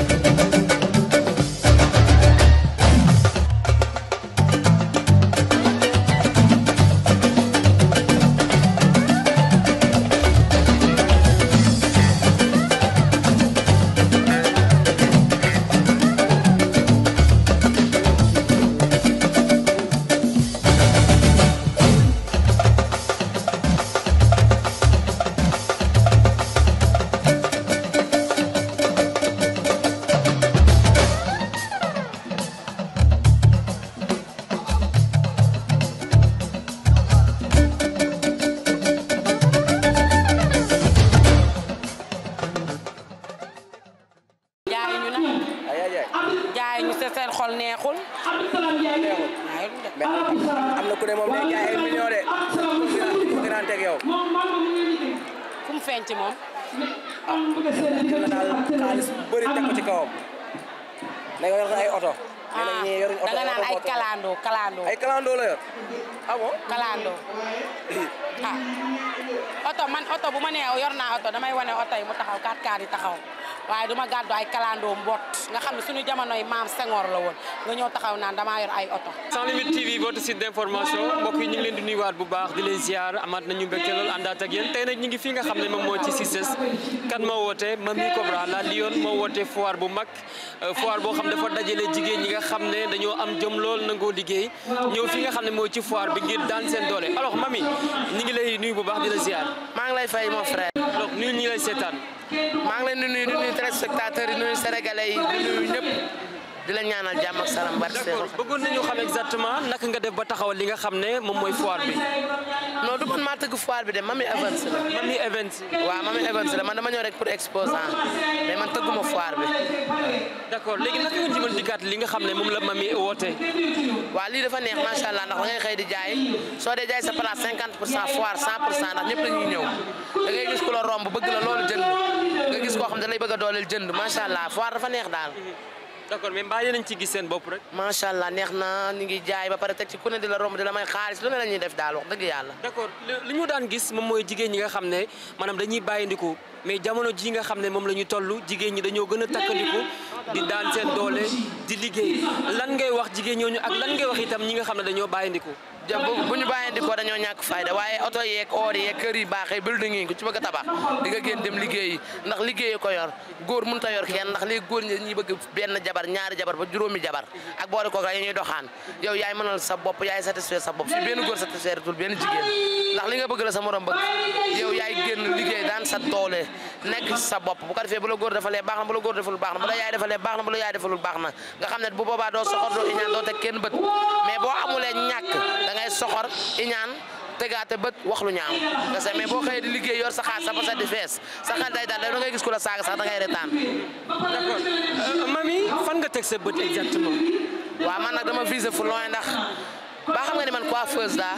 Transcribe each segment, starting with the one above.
Thank you. neexul. mais am na ku ne moom day jaay ay de. ku gën a teg feeñ ci moom. ah bëri teg ko ci kawam. mais yor na ay oto. ah da nga naan ay kalandoo kalandoo. ay kalandoo la yor. Ah ah. oto man oto bu ma nee yor naa oto damay wane oto yi mu taxaw 4 x yi taxaw. waaye duma gàddu ay kalandoo mbott nga xam ne suñu jamonoy maam Senghor la woon nga ñëw taxaw naan dama yor ay oto Sans Limites TV votre site d'information mbokk yi ñu ngi leen di nuyuwaat bu baax di leen ziar amaat tey nag ñu ngi nga xam ne moom moo ci Cissesse kan moo woote Mamy Cobra la moo woote foire bu mag euh, foire boo xam dajale jigéen ñi nga xam ne dañoo am jëm lool nangoo liggéey ñëw fi nga xam ne moo ci foire bi ngir daan seen doole alors Mamy ñu ngi lay nuyu bu baax di la ziar maa ngi lay fay mon frère donc nuyu lay seetaan maa ngi leen di nuyu di nuyu téléspectateurs yi nuyu sénégalais yi di nuyu ñëpp di la ñaanal jàmm ak salaam barke d'accord bëggoon nañu xam exactement nak nga def ba taxawal li nga xam ne moom mooy foire bi noo du man maa tëgg foire bi de ma Mami Events la Mami Events waaw Mami Events la man dama ñëw rek pour exposant mais man tëgguma foire bi d'accord léegi naka nga ci li nga xam ne moom la Mami wootee lii dafa neex macha allah ndax da ngay xëy di jaay soo dee jaay sa place cinquante pour cent foire cent pour cent ndax ñëpp dañuy ñëw da ngay gis ku la romb bëgg la lool jënd nga gis koo xam ne da lay bëgg a dooleel jënd macha allah foire dafa neex daal d'accord mais mbaa yéen ci gis seen bopp rek. macha allah neex na ñu ngi jaay ba pare teg ci ku ne di la romb di la may xaalis lu ne la ñuy def daal wax dëgg yàlla. d'accord ñu daan gis moom mooy jigéen ñi nga xam ne maanaam dañuy bàyyindiku mais jamono ji nga xam ne moom la ñu toll jigéen ñi dañoo gën a takkandiku di daan seen doole di liggéey lan ngay wax jigéen ñooñu ak lan ngay wax itam ñi nga xam ne dañoo bàyyindiku bu ñu bàyyee di ko dañoo ñàkk fayda waaye oto yeeg oor yeeg kër yi baaxee building yi ku ci bëgg a tabax di nga génn dem liggéeyi ndax liggéeyi ko yor góor mënut a yor kenn ndax léegi góor ñi ñuy bëgg benn jabar ñaari jabar ba juróomi jabar ak boole kooka yi ñuy doxaan yow yaay mënal sa bopp yaay satisfaire sa bopp si benn góor satisfaire tul benn jigéen ndax li nga bëgg la sa morom bëgg yow yaay génn liggéey daan sa doole nekk sa bopp bu ko defee bu la góor defalee baax na bu la góor defalul baax na bu la yaay defalee baax na bu la yaay defalul baax na nga xam ne bu boobaa doo soxor doo iñaan doo teg kenn bët mais boo amulee ñàkk da ngay soxor iñaan tegaate bët wax lu ñaaw nga se mais boo xëyee di liggéey yor sa xaas sa basa di fees sa xel day daal da ngay gis ku la saaga sax da ngay retaan d'accord euh, euh, mami fan nga teg sa bët exactement waaw man nag dama visé fu loin ndax baa xam nga ne man coiffeuse la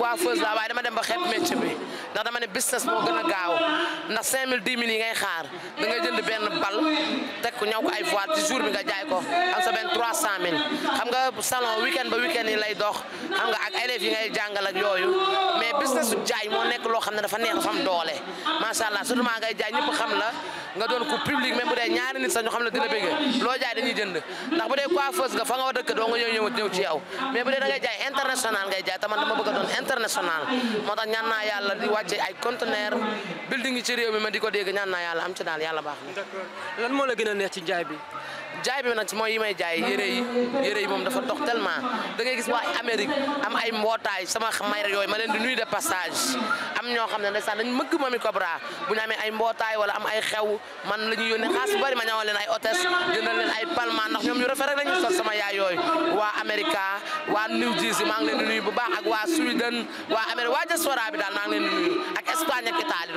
coiffeuse laa waaye dama dem ba xeeb métier bi ndax dama ne business moo gën a gaaw ndax 5000 10 000 yi ngay xaar da ngay jënd benn bal teg ku ñaw ko ay voile ci jour bi nga jaay ko am sa benn 300000 xam nga salon weekend ba weekend yi lay dox xam nga ak élèves yi ngay jàngal ak yooyu mais business su jaay moo nekk loo xam ne dafa neex dafa am doole macha allah surtout maa ngay jaay ñëpp xam la. nga doon ku public même bu dee ñaari nit sax ñu xam ne dina bëggee loo jaay dañuy jënd ndax bu dee coiffeuse nga fa wa dëkk doo nga ñëw ñëw ñëw ci yow mais bu dee da jaay international ngay jaay taman dama bëgg a doon international moo tax ñaan naa la di wàcce ay conteneur building yi ci réew mi ma di ko dégg ñaan naa yàlla am ci daal yàlla baax na d'accord lan moo la gën a neex bi jaay bi nag mooy yi may jaay yére yi yére yi moom dafa dox tellement da ngay gis waa Amérique am ay mbootaay sama may yooyu ma leen di nuyu de passage am ñoo xam ne ndeysaan dañ mëgg Mamy Cobra bu ñu mee ay mbootaay wala am ay xew man la ñuy yónnee xaas bu bëri ma ñawal leen ay hôtesse jëndal leen ay palma ndax ñoom ñu rafet rek lañu sol sama yaay yooyu waa Amérique waa New Jersey maa ngi leen di nuyu bu baax ak waa Sweden waa Amérique waa diaspora bi daal maa ngi di nuyu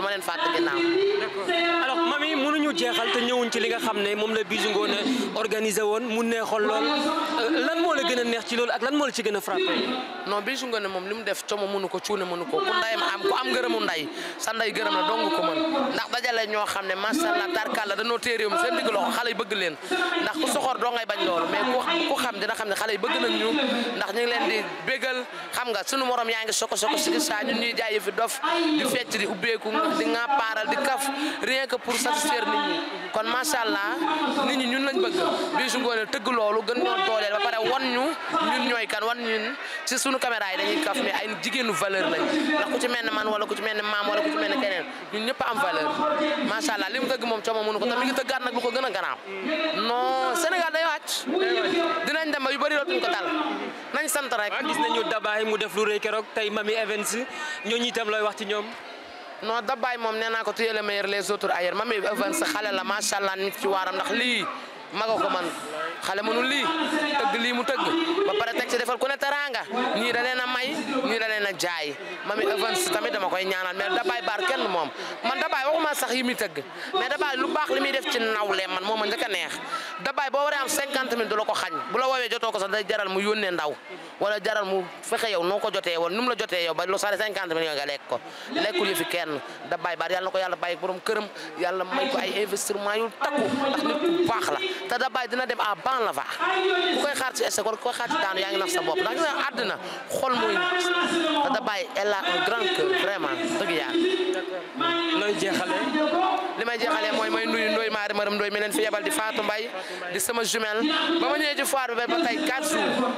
ma leen fàtte ginnaaw. d'accord alors Mamy mënuñu jeexal li nga xam ne moom la Bijou organisé woon mu neexoon lool euh, lan moo la gën a neex ci loolu ak lan moo la ci gën a frappé. non Bijou Ngoné moom li mu def coomo mënu ko cuune mënu ko ku ndayam am ku am ngërëmu nday sa nday gërëm la dong ko man ndax dajale ñoo xam ne macha allah tarkaal la danoo téye réew mi seen digg loxo xale yi bëgg leen ndax ku soxor doo ngay bañ loolu mais ku xam dina xam ne xale yi bëgg nañ ñu ndax ñu ngi leen di bégal xam nga sunu moroom yaa ngi soko soko siki saa ñun ñuy jaay fi dof di fecc di ubbeeku di ŋàppaaral di kaf rien que pour satisfaire nit kon macha allah nit ñi ñun lañ Bijou Ngoné tëgg loolu gën ñoo dooleel ba pare wan ñu ñun ñooy kan wan ñun ci suñu caméra yi dañuy kaf mais ay jigéenu valeur lañ ndax ku ci mel ne man wala ku ci mel ne maam wala ku ci mel ne keneen ñun ñëpp am valeur macha allah li mu tëgg moom cooma mënu ko te mi ngi tëggaat nag lu ko gën a ganaaw non Sénégal day wàcc dinañ dem ba yu bëri dootuñ ko dal nañ sant rek gis nañu dabaay mu def lu keroog tey mami events ñooñu itam looy wax ci ñoom non dabaay moom nee naa ko tuyee le meilleur les autres ailleurs mami events xale la ndax lii maga ko man xale mënul lii tëgg lii mu tëgg ba pare teg ci defal ku ne teraanga ñii da leen a may ñii da leen a jaay Mamy Events tamit dama koy ñaanal mais Dabaye Baar kenn moom man Dabaye waxuma sax yi tëgg mais Dabaye lu baax li muy def ci nawle man moom ma njëkk a neex Dabaye boo waree am cinquante mille du la ko xañ bu la woowee jotoo ko sax day jaral mu yónnee ndaw wala jaral mu fexe yow noo ko jotee woon nu mu la jotee yow ba lu sare cinquante millions nga lekk ko lekkul yi fi kenn Dabaye Baar yàlla na ko yàlla bàyyi borom këram yàlla may ko ay yu takku la fan la faax ku koy xaar ci échec wala ku koy xaar ci daanu yaa ngi nax sa bopp ndax ñu ne àddina xol mooy da da bàyyi elle a un grand cœur vraiment dëgg yàlla. nooy jeexale li may jeexale Mariam Ndoye mi leen fi yebal di Fatou Mbaye di sama jumelle ba ma ñëwee ci foire bi ba tey 4 jours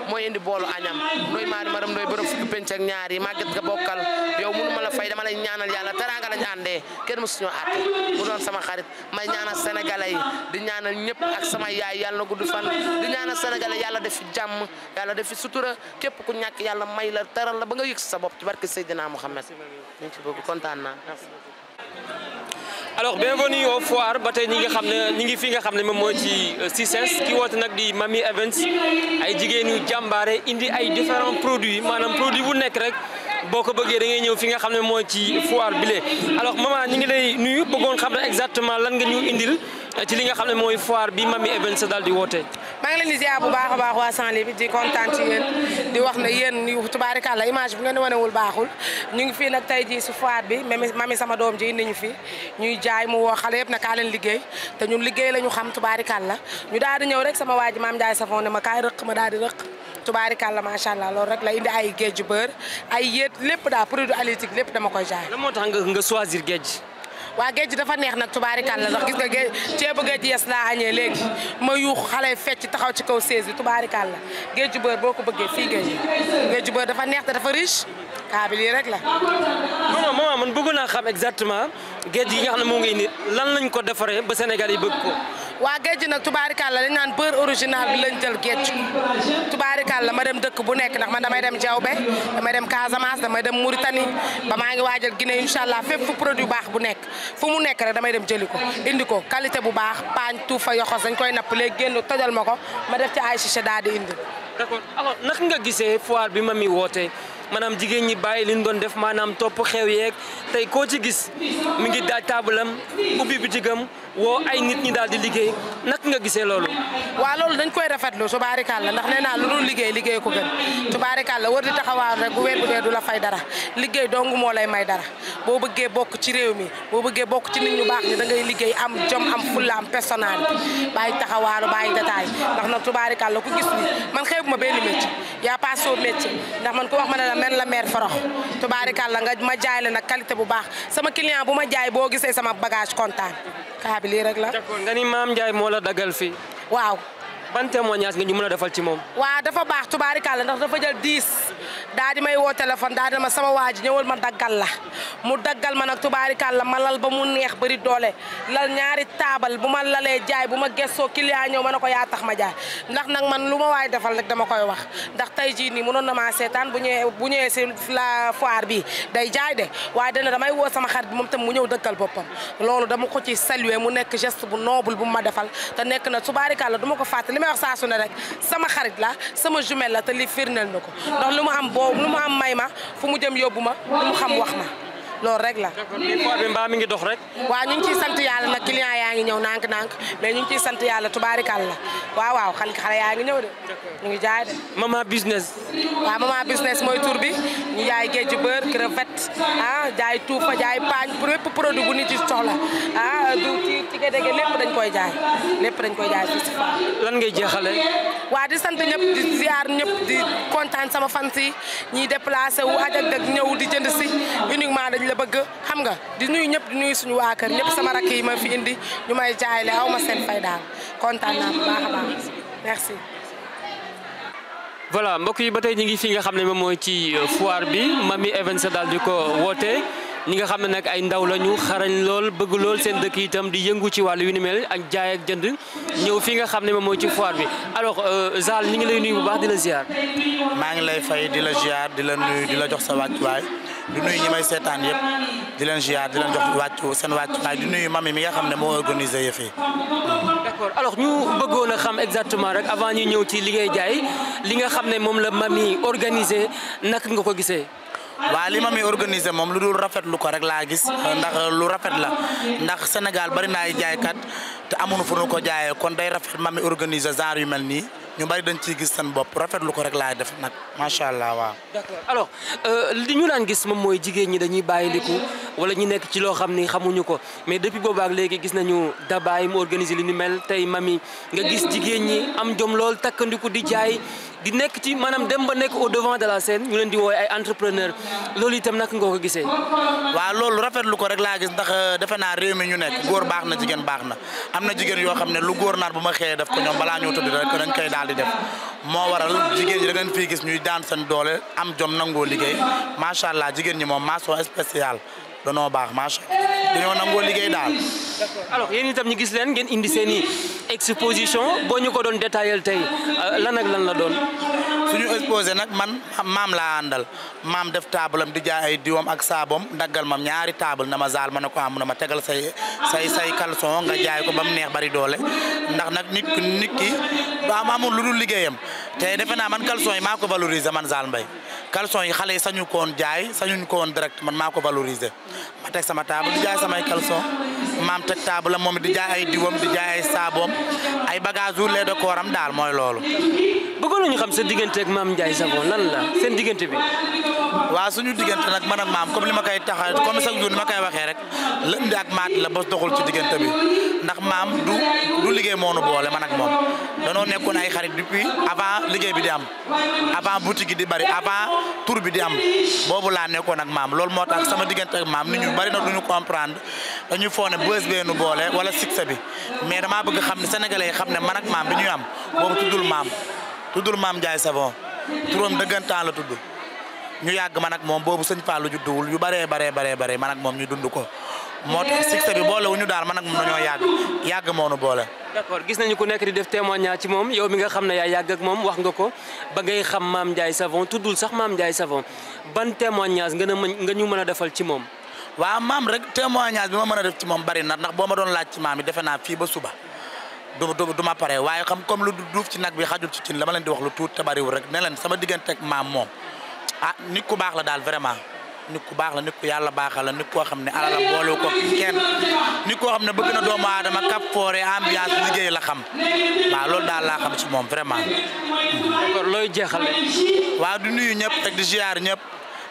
mooy indi boolu añam Ndoye Maari Mariam Ndoye borom fukki penc ak ñaar yi màgget nga bokkal yow mënu ma la fay dama lay ñaanal yàlla teraanga lañ àndee kenn mësuñoo àtte mu doon sama xarit may ñaanal sénégalais di ñaanal ñëpp ak sama yaay yàlla na gudd fan di ñaanal sénégalais yàlla def fi jàmm yàlla def fi sutura képp ku ñàkk yàlla may la teral la ba nga yëg sa bop ci barke Seydina Mouhamed ñu ci bëgg alors bienvenue au foire ba tey ñi nga xam ne ñi ngi fi nga xam ne moom mooy ci euh, CICES ki woote nag di Mami Events ay jigéenu jàmbaare indi ay différents produits maanaam produit bu nekk rek boo ko bëggee da ngay ñëw fi nga xam ne mooy ci foire bile alors maman ñi ngi lay nuyu bëggoon xam ne exactement lan nga ñu indil ci li nga xam ne mooy foire bi Mami Events daal di woote ngi leen di ziar bu baax a baax waa Saint-Louis bi di kontaan ci yéen di wax ne yéen yu tubaarikàlla image bu ngeen wanewul baaxul ñu ngi fii nag tey jii si foire bi mami mami sama doom ji indi ñu fi ñuy jaay mu woo xale na kaa leen liggéey te ñun liggéey la ñu xam tubaarikàlla ñu daal di ñëw rek sama waa ji maam Ndiaye Savon ne ma kaay rëq ma daal di rëq tubaarikàlla macha allah loolu rek la indi ay gej yu bër ay yéet lépp daal produit halieutique lépp dama koy jaay. lan moo tax nga nga choisir waa géej gi dafa neex nag tubaarikàlla ndax gis nga géej ceebu géej yes laa añee léegi ma yuux xale fecc taxaw ci kaw sées yi tubaarikàlla géej ju bër boo ko bëggee fii géej géej ju bër dafa neex te dafa riche kaa bi lii rek la. non non maman man bëgg naa xam exactement. géej yi nga xam ne moo ngi indi lan lañ ko defaree ba Sénégal yi bëgg ko. waa géej gi nag tubaarikàlla lañ naan beurre original bi lañ jël géej la ma dem dëkk bu nekk ndax man damay dem Diaobé damay dem Casamance damay dem Mauritanie ba maa ngi waajal Guinée incha allah fépp fu produit baax bu nekk fu mu nekk rek damay dem jëli ko indi ko qualité bu baax paañ tuufa yoxos dañ koy napp léegi génn tojal ma ko ma def ci ay chiche daal di indi. d'accord alors naka nga gisee foire bi ma mi wootee. maanaam jigéen ñi bàyyi li ñu doon def maanaam topp xew yeeg tey koo ci gis mu ngi daaj taabalam ubbi bitigam woo ay nit ñi daal di liggéey nak nga gisee loolu waa loolu dañ koy rafetlu tubaarikàlla ndax nee naa lu dul liggéey liggéey ko gën tubaarikàlla war di taxawaar rek bu weer bu dee du la fay dara liggéey dong moo lay may dara boo bëggee bokk ci réew mi boo bëggee bokk ci nit ñu baax ni da ngay liggéey am jom am fulla am personnalité bàyyi taxawaaru bàyyi détail ndax nag tubaarikàlla ku gis ni man xeebu ma benn métier yaa pas soo ndax man ku wax ma ne la men la meer forox tubaarikàlla nga ma jaay nag qualité bu baax sama client bu ma jaay boo gisee sama bagage kontaan bi rek la. d'accord nga ni maam Ndiaye moo la dagal fi waaw. ban témoignage nga ñu mën a defal ci moom. waaw dafa baax tubaarikàlla ndax dafa jël 10. daa di may woo téléphone daa ma sama waa ji ma daggal la mu daggal ma nag tubaarikàlla ma lal ba mu neex bëri doole lal ñaari taabal bu ma lalee jaay bu ma gestoo client ñëw ma ne ko yaa tax ma jaay ndax nag man lu ma waay defal rek dama koy wax ndax tey jii nii mënoon na maa seetaan bu ñëwee bu ñëwee si la foire bi day jaay de waaye dana damay woo sama xarit bi moom tam mu ñëw dëkkal boppam loolu dama ko ci saluer mu nekk geste bu noble bu ma defal te nekk na tubaarikàlla du ma ko fàtte li may wax saa ne rek sama xarit la sama jumelle la te li firndeel na ko am boobu lu mu am may ma fu mu jëm yóbbu ma lu mu xam wax ma loolu rek la. bi mbaa mi ngi dox rek. waaw ñu ngi ciy sant yàlla nag client yaa ngi ñëw nank nànk mais ñu ngi ciy sant yàlla tubaarikàlla waaw waaw xale xale yaa ngi ñëw de. ñu ngi jaay de. mama business. waaw mama business mooy tur bi. jaay géej beurre crevette ah jaay tuufa jaay paañ pour lépp produit bu nit yi soxla ah du ci ci gédége lépp dañ koy jaay lépp dañ koy jaay fii si fa ngay jeexale waa di sant ñëpp di ziar ñëpp di kontaan sama fans yi ñiy déplacé wu ajak ak ñëw di jënd si uniquement dañ la bëgg xam nga di nuyu ñëpp di nuyu suñu waa kër ñëpp sama rakk yi ma fi indi ñu may jaay le aw ma seen fay daal kontaan naa bu baax merci voilà mbokk yi ba tey ñu ngi fi nga xam ne moom mooy ci foire bi Mamy Events daal di ko woote ni nga xam ne nag ay ndaw lañu xarañ lool bëgg lool seen dëkk itam di yëngu ci wàllu yu ni mel ak jaay ak jënd ñëw fi nga xam ne moom mooy ci foire bi alors euh, Zal ñi ngi lay nuyu bu baax di la maa ngi lay fay di la ziar di la di la jox sa wàccuwaay di nuyu ñi may seetaan yëpp di leen ziar di leen jox wàccu seen wàccuwaay di nuyu mami mi nga xam ne moo organisé yëf yi. d'accord alors ñu bëggoon a xam exactement rek avant ñu ñëw ci li ngay jaay li nga xam ne moom la mami organisé naka nga ko gisee. waa li ma mi organisé moom lu dul rafetlu ko rek laa gis ndax lu rafet la ndax Sénégal bari na ay jaaykat te amuñu fu nu ko jaayee kon day rafet ma mi organisé genre yu mel nii ñu bari dañ ci gis seen bopp rafetlu ko rek laay def nag macha allah waaw. alo alors euh, li ñu daan gis moom mooy jigéen ñi dañuy bàyyiliku wala ñu nekk ci loo xam ni xamuñu ko mais depuis boobaak léegi gis nañu dabaay mu organisé li ñu mel tey mami nga gis jigéen ñi am jom lool takkandiku di jaay. di nekk ci maanaam dem ba nekk au devant de la scène ñu leen di woowee ay entrepreneur loolu itam naka ngoo ko gisee. waaw loolu rafetlu ko rek laa gis ndax euh, defe naa réew mi ñu nekk góor baax na jigéen baax na am na jigéen yoo xam ne lu góor naan bu ma xëyee def ko ñoom balaa ñoo tëdd rek dañ koy daal di def moo waral jigéen ñi da ngeen gis ñuy daan seen doole am jom nangoo liggéey macha allah jigéen ñi moom maçon spécial. danoo baax macha allah dañoo nangoo liggéey daal. d'accord tam yéen ñu gis leen ngeen indi seen i exposition boo ñu ko doon détaillé tey euh, lan ak lan la doon. suñu exposé nag man maam laa àndal maam def taabalam di jaay ay diwam ak saabom daggal mam ñaari taabal na ma saal ma ne ko am na ma tegal say say say caleçon nga jaay ko ba mu neex bari doole ndax nag nit nit ki ba lu dul liggéeyam tee defe naa man caleçon yi maa ko valoriser man saal mbay. caleçon yi xale yi sañu ko woon jaay sañuñ ko woon direct man maa ko valoriser ma teg sama table di jaay samay caleçon maam teg table moom di jaay ay diwam di jaay ay saaboom ay bagage wu lee de daal mooy loolu. bëggoon nañu xam sa diggante ak maam Ndiaye Savon lan la seen diggante bi. waaw suñu diggante nag man ak maam comme li ma koy taxa comme chaque jour ni ma koy waxee rek lënd ak maat la bos doxul ci diggante bi ndax maam du du liggéey moonu boole man ak moom danoo nekkoon ay xarit depuis avant liggéey bi di am tur bi di am boobu laa nekkoon ak maam loolu moo tax sama diggante ak maam nit ñu bari na duñu comprendre dañuy foone bës bee nu boole wala succès bi mais damaa bëgg xam ne sénégalais yi xam ne man ak maam bi ñuy am boobu tuddul maam tuddul maam Ndiaye Savon turam dëggantaan la tudd ñu yàgg man ak moom boobu sëñ Fallou judduwul yu baree baree baree bare man ak moom ñu dund ko. moo tax succès bi boole wu ñu daal man ak moom dañoo yàgg yàgg moo nu boole. d'accord gis nañu ku nekk di def témoignage ci moom yow mi nga xam ne yaa yàgg moom wax nga ko ba ngay xam maam Ndiaye Savon tuddul sax Mame Ndiaye Savon ban témoignage nga nga ñu mën a defal ci moom. waaw maam rek témoignage bi ma mën a def ci moom bari na ndax boo ma doon laaj ci maam yi defe naa fii ba suba du du du ma pare waaye xam comme lu duuf ci nag bi xajul ci cin la ma leen di wax lu tuut te bariwul rek ne leen sama diggante maam moom ah nit ku baax la daal vraiment. nit ku baax la nit ku yàlla baaxal la nit koo xam ne alala boole ko kenn nit koo xam ne bëgg na doomu aadama cap foore ambiance liggéey la xam waa loolu daal laa xam ci moom vraiment. d'accord looy jeexal waa du nuyu ñëpp ak di ziar ñëpp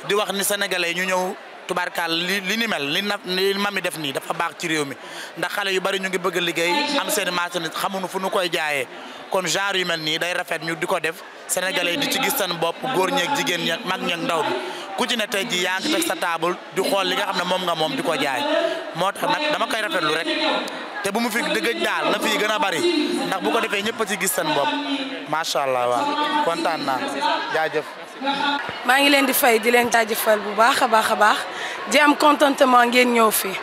di wax ni sénégalais ñu ñëw. tubaarkaal li li ni mel li na li mami def nii dafa baax ci réew mi ndax xale yu bari ñu ngi bëgg liggéey am seen machine xamuñu fu ñu koy jaayee kon genre yu mel nii day rafet ñu di ko def sénégalais di ci gis seen bopp góor ñeeg jigéen ñeeg mag ñeeg ndaw bi ku ci ne tey ji yaa ngi teg sa table di xool li nga xam ne moom nga moom di ko jaay moo tax nag dama koy rafetlu rek te bu mu fi dëgëj daal na fii gën a bari ndax bu ko defee ñëpp a ci gis seen bopp macha allah kontaan naa maa ngi leen di fay di leen jaajëfal bu baax a baax a baax di am contentement ngeen ñëw fii.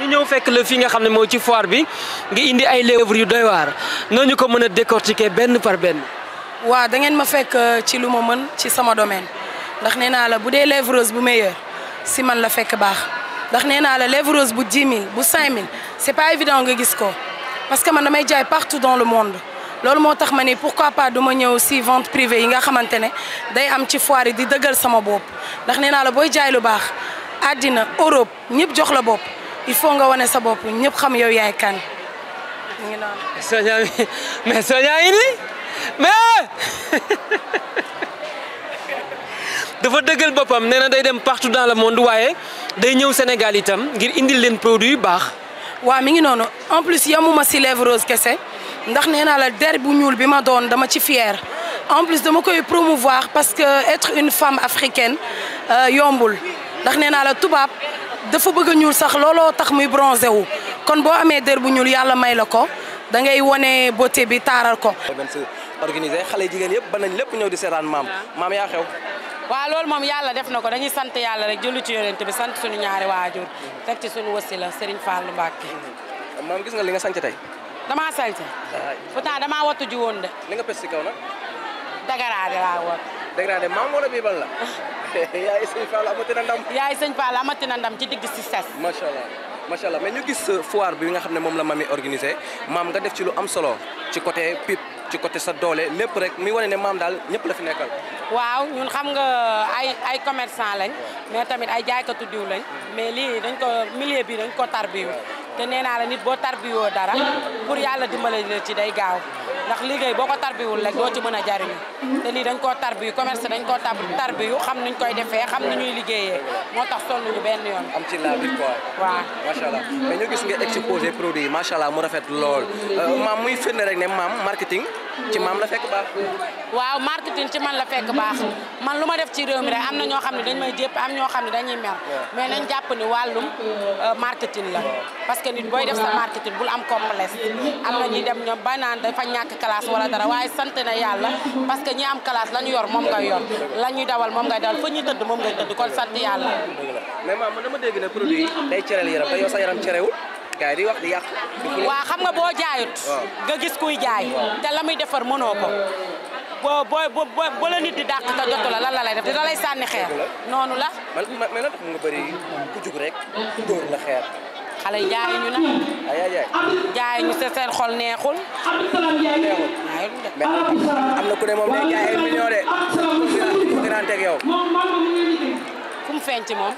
ñu ñëw fekk la fii nga xam ne moo ci foire bi ngi indi ay livres yu doy waar nooñu ko mën a décortiquer benn par benn. waaw da ngeen ma fekk ci lu ma mën ci sama domaine. ndax nee naa la bu dee lèvreuse bu meilleur si man la fekk baax ndax nee naa la lèvreuse bu 10 000 bu 5 000 c'est pas évident nga gis ko parce que man damay jaay partout dans le monde loolu moo tax ma ni pourquoi pas du ma ñëw si vente privée y nga xamante ne day am ci foire yi di dëggal sama bopp ndax ne naa la booy jaay lu baax àddina Europe ñëpp jox la bopp il faut nga wane sa bopp ñëpp xam yow yaay kan. ñu ngi mais Sonia mais mais. dafa dëggal boppam nee na day dem partout dans le monde waaye day ñëw Sénégal itam ngir indil leen produit yu baax. waaw mi ngi noonu en plus yamuma si lèvre rose kese ndax nee naa la der bu ñuul bi ma doon dama ci fière en plus dama koy promouvoir parce que être une femme africaine euh, yombul ndax nee naa la tubaab dafa bëgg ñuul sax looloo tax muy bronzé wu kon boo amee der bu ñuul yàlla may la ko da ngay wane beauté bi taaral ko. organisé xale jigéen yëpp ba nañ lépp ñëw di seetaan maam ah. maam yaa waaw loolu moom yàlla def na ko dañuy sant yàlla rek julli ci yonent bi sant suñu ñaari waajur teg ci suñu wasila Serigne Fallou Mbacké mm-hmm. maam gis nga li nga sant tey damaa sant pourtant damaa wattu ji woon de li nga pes ci kaw nag dagaraade laa wat dagaraade maam wala biibal la yaay sëñ Fall amati na ndam na ndam ci digg si ses macha allah macha allah mais ñu gis foire bi nga xam ne moom la mami organisé maam nga def ci lu am solo ci côté pipe ci côté sa doole lépp rek muy wane ne maam daal ñëpp la fi nekkal. waaw ñun xam nga ay ay commerçant lañ mais tamit ay jaaykatu diw lañ mais lii dañ ko milieu bi dañ ko tarbiyu te nee naa la nit boo tarbiyoo dara pour yàlla dimbale la ci day gaaw. ndax liggéey boo ko tarbiwul rek doo ci mën a jariñu te lii dañ koo tarbiyu commerce dañ koo tarbiyu xam nuñ koy defee xam nu ñuy liggéeyee moo tax sonnuñu benn yoon am ci la victoire ñu gis nga exposé produit yi macha allah mu rafet lool euh, maam muy firnde rek ne maam marketing ci am la fekk baax. waaw marketing ci man la fekk baax man lu ma def ci réew mi rek am na ñoo xam ne dañ may jépp am ñoo xam ne dañuy mer mais nañ jàpp ni wàllum euh, marketing la parce que nit booy def sa marketing bul am complexe am na ñuy dem ñoom ba dafa ñàkk classe wala dara waaye sant na yàlla parce que ñi am classe la yor moom ngay yor la dawal moom ngay dawal fa ñuy tëdd moom ngay tëdd kon sant yàlla. mais maam dama dégg ne produit day cereel yaram te yow sa yaram cerewul. gars yi di wax di yàq. waaw xam nga boo jaayut. nga gis kuy jaay. te la muy defar mënoo boo boo boo boo la nit di dàq te jotu la lan la lay def dina lay sànni xeer. noonu la. man man lan nga bëri ku jug rek dóor la xeer. xale yi jaay ñu nag. ay jaay. jaay ñu seen xol neexul. neexul. am na ku ne moom day jaay ay millions de. ku fu mu feeñ ci moom.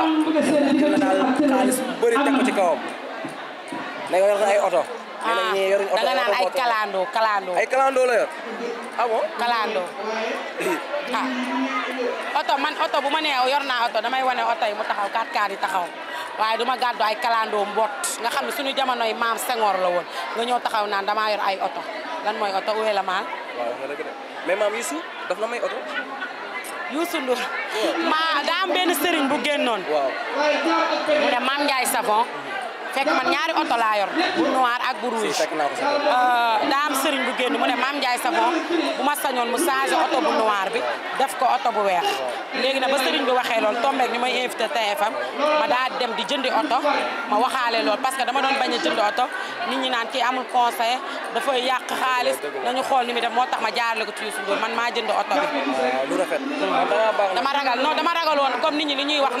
daal xaalis bu bëri teg ko ci kawam. yor na ay oto. ah da naan ay kalandoo kalandoo. ay kalandoo la yor. ah bon oto man oto bu ma nee yor naa oto damay wane oto yi mu taxaw 4x4 yi taxaw waaye du ma gàddu ay kalandoo mbot nga xam ne suñu jamonoy maam Senghor la woon nga ñëw taxaw naan damaa yor ay oto lan mooy oto uwe la maal. waaw maam Youssou daf la may oto. Youssou Ndour ma daa am benn sëriñ bu génnoon mu ne Mame Ndiaye Savon fekk man ñaari oto laa yor bu noir ak bu rouge euh, daam sëriñ bu génn mu ne maam Ndiaye Savon bu ma sañoon mu changé oto bu noir bi def ko oto bu weex léegi nag ba sëriñ bi waxee lool tombeek ñu may invité TFM ma daa dem di jëndi oto ma waxaale lool parce que dama doon bañ a jënd oto nit ñi naan kii amul conseil dafa yàq xaalis nañu xool ni mi def moo tax ma jaarale ko ci Youssou man maa jënd oto bi lu rafet dama ragal non dama ragal woon comme nit ñi li ñuy wax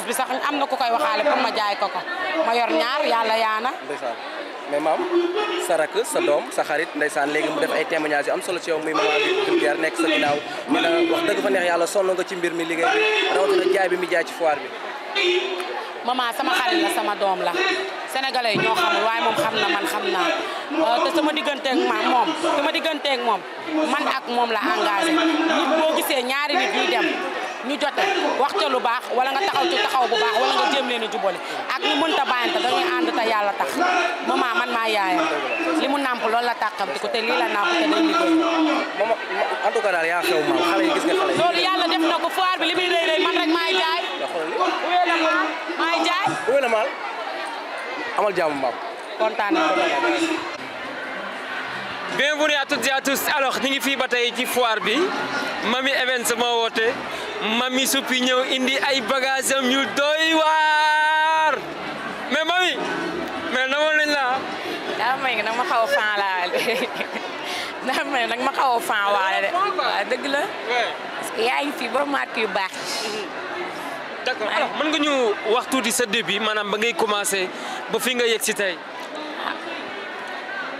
blouse bi sax am na ku koy waxaale pour ma jaay ko ko ma yor ñaar yàlla yaana ndeysaan mais maam sa rakk sa doom sa xarit ndeysaan léegi mu def ay témoignages yu am solo ci yow muy maman bi Bulgaria nekk sa ginnaaw wax dëgg fa neex yàlla sonn nga ci mbir mi liggéey bi rawatina jaay bi mi jaay ci foire bi maman sama xarit la sama doom la sénégalais ñoo xamul waaye moom xam na man xam naa euh, sama digganteeg ma moom sama digganteeg moom man ak moom la engagé boo gisee ñaari nit dem ñu jote wax ca lu baax wala nga taxaw ci taxaw bu baax wala nga jéem leen a jubale ak ñu mënta bàyyante dañuy ànd te yàlla tax maman man maa yaayam li mu nàmp loolu la tàqamti ko te lii la nàmp te day liggéey moom en tout cas daal bi li muy rëy rëy man rek jaay uwee la maal maay jaay uwee la maal amal jàmm maam kontaan Bienvenue à toutes et à tous ñu ngi fii ba tey ci foire bi Mamy Events moo woote mami suppi ñëw indi ay bagages yu ñu doy waar mais mami mais namoon nañ la daa may nga nag ma xaw a fan laa daa may nag ma xaw a fan waale de waaw dëgg la parce que yaa ngi fi borom marque yu baax mm-hmm. d'accord alors mën nga ñu wax tuuti sa début maanaam ba ngay commencé ba fi nga yegg si tey ah,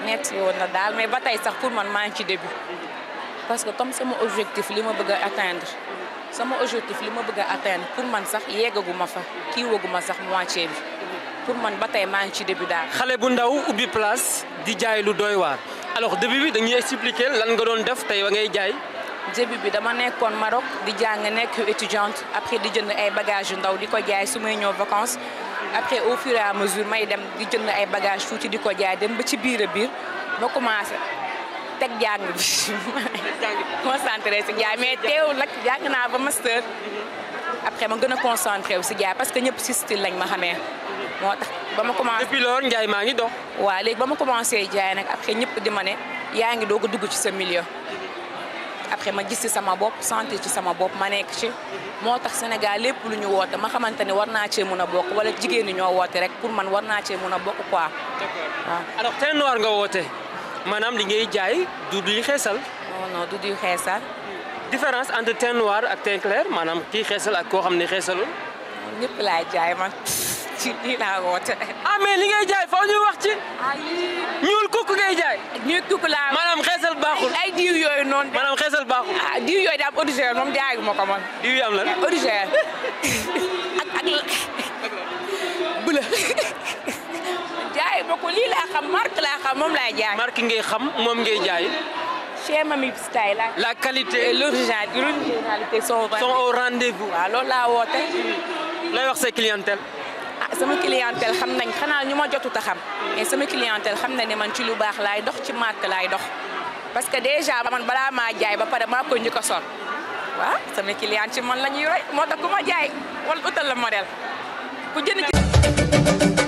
metti woon na daal mais ba tey sax pour man maa ngi ci début mm-hmm. parce que comme sama objectif li ma bëgg a sama objectif li ma bëgg a pour man sax yeggaguma fa kiiwaguma sax mu moitié bi pour man ba tey maa ngi ci début daal. xale bu ndaw ubbi place di jaay lu doy waar. alors debut bi dañuy expliquer lan nga doon def tey wa ngay jaay. début bi dama nekkoon Maroc di jàng nekk étudiante après di jënd ay bagages yu ndaw di ko jaay su may ñëw vacances après au fur et à mesure may dem di jënd ay bagages ci di ko jaay dem ba ci biir a biir ma commencé. teg jàng bi. concentré si jaay mais teewul nag jàng naa ba master. après ma gën a concentré wu si jaay parce que ñëpp si style lañ ma xamee. moo tax ba ma commencé depuis loolu maa ngi dox. waaw léegi ba ma commencé jaay nag après ñëpp di ma ne yaa ngi doog a dugg ci sa milieu. après ma gis si sama bopp santé ci sama bopp ma nekk ci. moo tax Sénégal lépp lu ñu woote ma xamante ne war naa cee mun a bokk wala jigéen ñi ñoo woote rek pour man war naa cee mun a bokk quoi. maanaam li ngay jaay du duy xeesal. non non du duy xeesal. différence entre teint noir ak teint clair maanaam kii xeesal ak koo xam ne xeesalul. ñëpp laay jaay man ci lii laa woote. ah li ngay jaay foo ñuy wax ci. Ah, ñuul kukk ngay jaay. ñuul kukk laa. maanaam xeesal baaxul ay diw yooyu noonu. maanaam xeesal baaxul. Ah, diw yooyu daal auditeurs moom jaayu ma ko man. diw yi am lan auditeurs beaucoup lii laa xam marque laa xam moom laay jaay. marque ngay xam moom ngay jaay. chez Mami Style la. la qualité et l'originalité sont au rendez-vous. waaw loolu laa woote. lay wax sa clientèle. ah sama clientèle xam nañ xanaa ñu ma jotut a xam. mais sama clientèle xam na ne man ci lu baax laay dox ci marque laay dox. parce que déjà man balaa ma jaay ba pare maa ko njëkk a sol. waaw sama client ci man la ñuy roy moo tax ku ma jaay wala utal la modèle ku jënd ci.